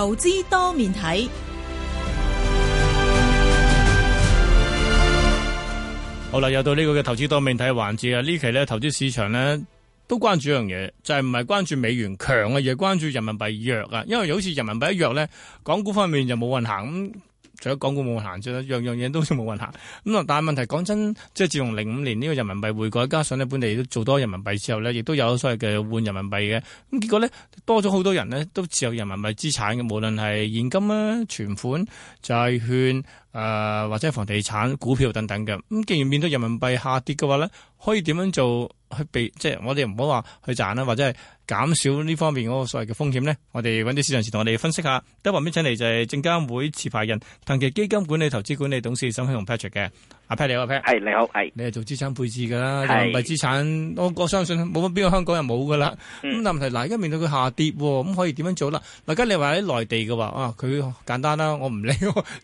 投資多面睇，好啦，又到呢個嘅投資多面睇環節啦。呢期咧，投資市場咧都關注一樣嘢，就係唔係關注美元強嘅嘢，關注人民幣弱啊。因為好似人民幣一弱咧，港股方面就冇運行咁。除咗港股冇運行，之外樣樣嘢都冇運行。咁啊，但係問題講真，即係自從零五年呢個人民幣匯改，加上呢本地都做多人民幣之後呢，亦都有所謂嘅換人民幣嘅。咁結果呢，多咗好多人呢都持有人民幣資產嘅，無論係現金啊、存款、債券。誒、呃，或者房地產、股票等等嘅，咁既然面對人民幣下跌嘅話咧，可以點樣做去避？即係我哋唔好話去賺啦，或者係減少呢方面嗰個所謂嘅風險咧。我哋揾啲市場人士同我哋分析一下。第一位請嚟就係證監會持牌人騰祺基金管理投資管理董事沈慶洪 Patrick 嘅。阿 Peter，阿 Peter，係你好，係你係做資產配置噶啦，有人民幣資產，我我相信冇乜邊個香港人冇噶啦。咁、嗯、但係嗱，而家面對佢下跌，咁可以點樣做啦？嗱，而家你話喺內地嘅話，啊，佢簡單啦，我唔理，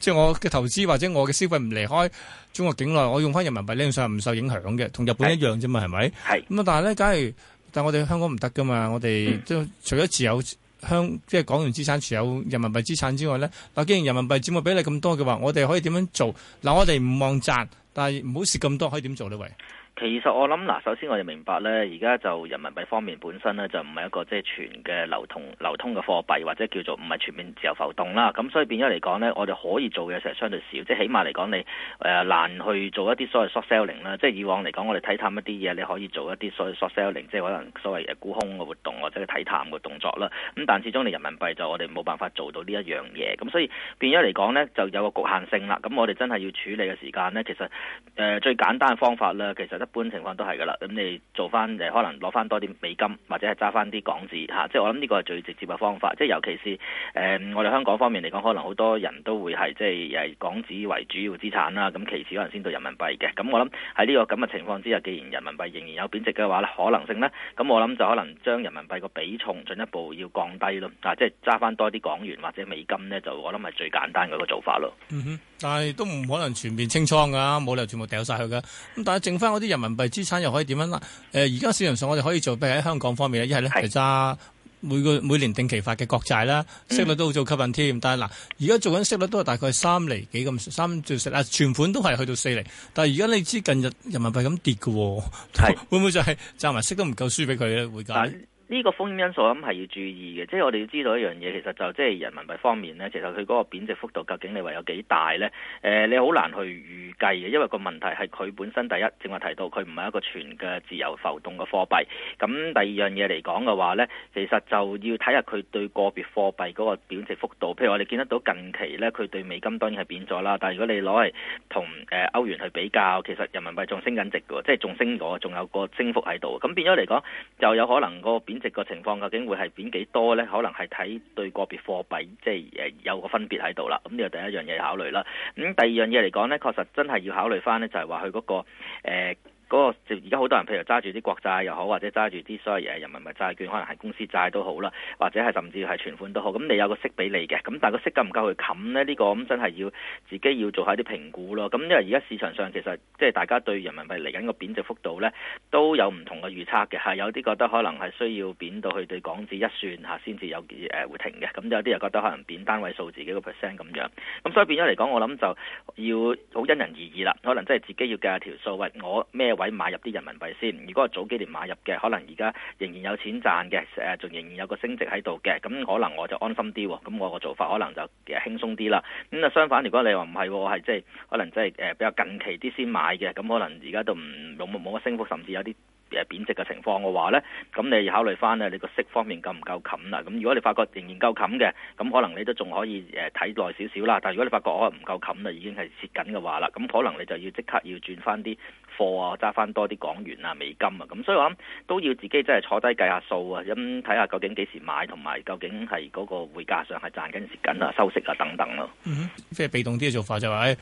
即係我嘅投資或者我嘅消費唔離開中國境內，我用翻人民幣咧，理論上係唔受影響嘅，同日本一樣啫嘛，係咪？係。咁啊，但係咧，假如但係我哋香港唔得噶嘛，我哋即係除咗持有。嗯香即係港元資產，持有人民幣資產之外咧，嗱，既然人民幣佔會俾你咁多嘅話，我哋可以點樣做？嗱，我哋唔望賺，但係唔好蝕咁多，可以點做呢？喂？其實我諗嗱，首先我哋明白呢，而家就人民幣方面本身呢，就唔係一個即係全嘅流通流通嘅貨幣，或者叫做唔係全面自由浮動啦。咁所以變咗嚟講呢，我哋可以做嘅實係相對少，即係起碼嚟講你誒、呃、難去做一啲所謂 short selling 啦。即係以往嚟講，我哋睇淡一啲嘢，你可以做一啲所謂 short selling，即係可能所謂沽空嘅活動或者去睇淡嘅動作啦。咁但係始終你人民幣就我哋冇辦法做到呢一樣嘢，咁所以變咗嚟講呢，就有個局限性啦。咁我哋真係要處理嘅時間呢，其實誒、呃、最簡單嘅方法啦，其實一般情況都係㗎啦，咁你做翻誒，可能攞翻多啲美金或者係揸翻啲港紙吓、啊，即係我諗呢個係最直接嘅方法。即係尤其是誒、呃，我哋香港方面嚟講，可能好多人都會係即係誒港紙為主要資產啦，咁其次可能先到人民幣嘅。咁我諗喺呢個咁嘅情況之下，既然人民幣仍然有貶值嘅話可能性呢，咁我諗就可能將人民幣個比重進一步要降低咯、啊，即係揸翻多啲港元或者美金呢，就我諗係最簡單嘅一個做法咯、嗯。但係都唔可能全面清倉㗎，冇理由全部掉晒佢㗎。咁但係剩翻嗰啲人民幣資產又可以點樣啦？誒、呃，而家市場上我哋可以做，譬如喺香港方面咧，一係咧就揸每個每年定期發嘅國債啦，息率都好做吸引添。嗯、但係嗱，而家做緊息率都係大概三厘幾咁，三至四啊，存款都係去到四厘。但係而家你知近日人民幣咁跌㗎喎、哦是就是，會唔會就係賺埋息都唔夠輸俾佢咧？會㗎？呢個風險因素咁係要注意嘅，即係我哋要知道一樣嘢，其實就即係人民幣方面呢，其實佢嗰個貶值幅度究竟你話有幾大呢？誒、呃，你好難去預計嘅，因為個問題係佢本身第一，正話提到佢唔係一個全嘅自由浮動嘅貨幣。咁第二樣嘢嚟講嘅話呢，其實就要睇下佢對個別貨幣嗰個貶值幅度。譬如我哋見得到近期呢，佢對美金當然係貶咗啦。但係如果你攞嚟同誒歐元去比較，其實人民幣仲升緊值㗎喎，即係仲升咗，仲有個升幅喺度。咁變咗嚟講，就有可能、個貶值個情況究竟會係貶幾多咧？可能係睇對個別貨幣，即係誒有個分別喺度啦。咁呢個第一樣嘢考慮啦。咁第二樣嘢嚟講咧，確實真係要考慮翻咧，就係話佢嗰個誒。嗰個而家好多人，譬如揸住啲國債又好，或者揸住啲所謂嘅人民幣債券，可能係公司債都好啦，或者係甚至係存款都好。咁你有個息俾你嘅，咁但係個息夠唔夠去冚呢？呢個咁真係要自己要做下啲評估咯。咁因為而家市場上其實即係大家對人民幣嚟緊個貶值幅度呢，都有唔同嘅預測嘅，係有啲覺得可能係需要貶到去對港紙一算嚇先至有機會停嘅，咁有啲又覺得可能貶單位數字幾個 percent 咁樣。咁所以變咗嚟講，我諗就要好因人而異啦。可能真係自己要計下條數，喂，我咩位。喺買入啲人民幣先，如果係早幾年買入嘅，可能而家仍然有錢賺嘅，誒仲仍然有個升值喺度嘅，咁可能我就安心啲喎、哦，咁我個做法可能就輕鬆啲啦。咁啊相反，如果你話唔係，我係即係可能即係誒比較近期啲先買嘅，咁可能而家都唔冇冇乜升幅，甚至有啲，誒貶值嘅情況嘅話呢，咁你考慮翻咧，你個息方面夠唔夠冚啦？咁如果你發覺仍然夠冚嘅，咁可能你都仲可以誒睇耐少少啦。但係如果你發覺可能唔夠冚啦，已經係蝕緊嘅話啦，咁可能你就要即刻要轉翻啲貨啊，揸翻多啲港元啊、美金啊。咁所以我諗都要自己真係坐低計下數啊，咁睇下究竟幾時買，同埋究竟係嗰個匯價上係賺緊定蝕緊啊、收息啊等等咯。即係、嗯、被動啲嘅做法就係話誒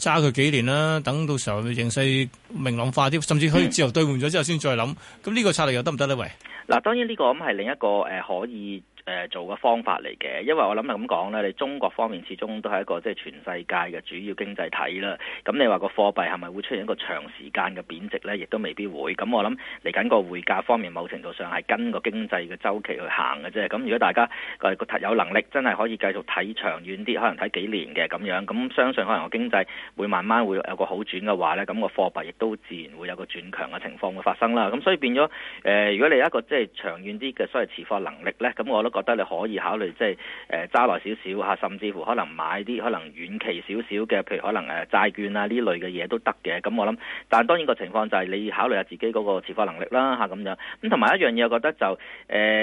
揸佢幾年啦，等到時候形勢明朗化啲，甚至可以自由對換咗之後先再、嗯。諗咁呢個策略又得唔得咧？喂，嗱，當然呢個咁係另一個誒，可以。誒做個方法嚟嘅，因為我諗係咁講啦。你中國方面始終都係一個即係全世界嘅主要經濟體啦。咁你話個貨幣係咪會出現一個長時間嘅貶值呢？亦都未必會。咁我諗嚟緊個匯價方面，某程度上係跟個經濟嘅周期去行嘅啫。咁如果大家個有能力真係可以繼續睇長遠啲，可能睇幾年嘅咁樣，咁相信可能個經濟會慢慢會有個好轉嘅話呢。咁個貨幣亦都自然會有個轉強嘅情況會發生啦。咁所以變咗誒、呃，如果你有一個即係長遠啲嘅所謂持貨能力呢，咁我諗。覺得你可以考慮即係誒揸耐少少嚇，甚至乎可能買啲可能遠期少少嘅，譬如可能誒債券啊呢類嘅嘢都得嘅。咁我諗，但當然個情況就係你考慮下自己嗰個持貨能力啦嚇咁樣。咁同埋一樣嘢，我覺得就誒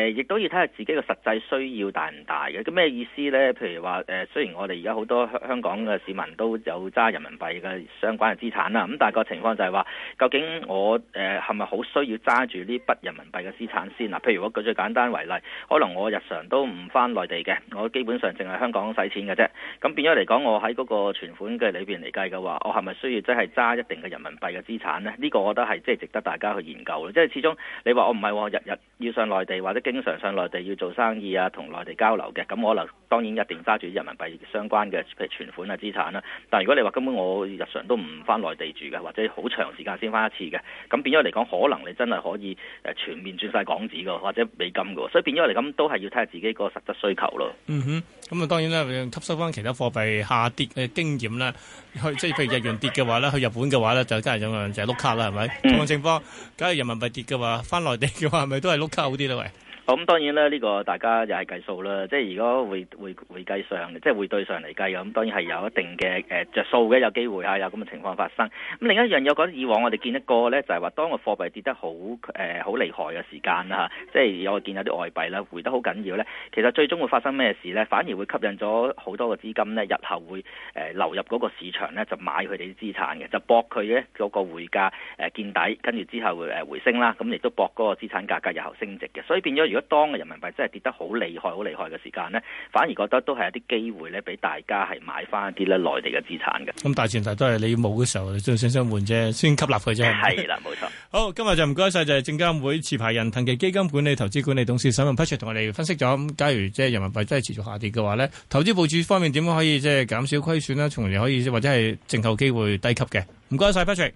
亦、呃、都要睇下自己嘅實際需要大唔大嘅。咁咩意思呢？譬如話誒、呃，雖然我哋而家好多香港嘅市民都有揸人民幣嘅相關嘅資產啦，咁但係個情況就係話，究竟我誒係咪好需要揸住呢筆人民幣嘅資產先嗱、啊？譬如我舉最簡單為例，可能我日日常都唔翻內地嘅，我基本上淨係香港使錢嘅啫。咁變咗嚟講，我喺嗰個存款嘅裏邊嚟計嘅話，我係咪需要真係揸一定嘅人民幣嘅資產呢？呢個我覺得係即係值得大家去研究咯。即係始終你話我唔係喎，日日要上內地或者經常上內地要做生意啊，同內地交流嘅，咁我可能當然一定揸住人民幣相關嘅存款嘅資產啦。但如果你話根本我日常都唔翻內地住嘅，或者好長時間先翻一次嘅，咁變咗嚟講，可能你真係可以誒全面轉晒港紙㗎，或者美金㗎。所以變咗嚟講都係要。睇下自己個實質需求咯。嗯哼，咁啊當然啦，吸收返其他貨幣下跌嘅經驗啦。去即係譬如日元跌嘅話咧，去日本嘅話咧，就真係咁樣就係碌卡啦，係咪？咁嘅情況，假如人民幣跌嘅話，返內地嘅話，係咪都係碌卡好啲咧？喂？咁、嗯、當然啦，呢、這個大家又係計數啦，即係如果會會會計上，即係會對上嚟計咁、嗯、當然係有一定嘅誒着數嘅，有機會啊，有咁嘅情況發生。咁、嗯、另一樣嘢我覺得以往我哋見一個見得過咧，就係、是、話當個貨幣跌得好誒好厲害嘅時間啦、啊，即係我見有啲外幣啦，回得好緊要咧，其實最終會發生咩事咧？反而會吸引咗好多嘅資金咧，日後會誒、呃、流入嗰個市場咧，就買佢哋啲資產嘅，就博佢咧嗰個匯價見、呃、見底，跟住之後誒、呃、回升啦，咁、啊、亦都博嗰個資產價格日後升值嘅，所以變咗。如果當嘅人民幣真係跌得好厲害,很厲害的時間、好厲害嘅時間呢反而覺得都係一啲機會咧，俾大家係買翻一啲咧內地嘅資產嘅。咁、嗯、大前提都係你冇嘅時候，做上上換啫，先吸納佢啫。係啦，冇錯。 好，今日就唔該晒，就係證監會持牌人騰祺基金管理投資管理董事沈文 Patrick 同我哋分析咗。假如即係人民幣真係持續下跌嘅話呢投資部署方面點樣可以即係減少虧損啦，從而可以或者係淨購機會低級嘅。唔該晒，Patrick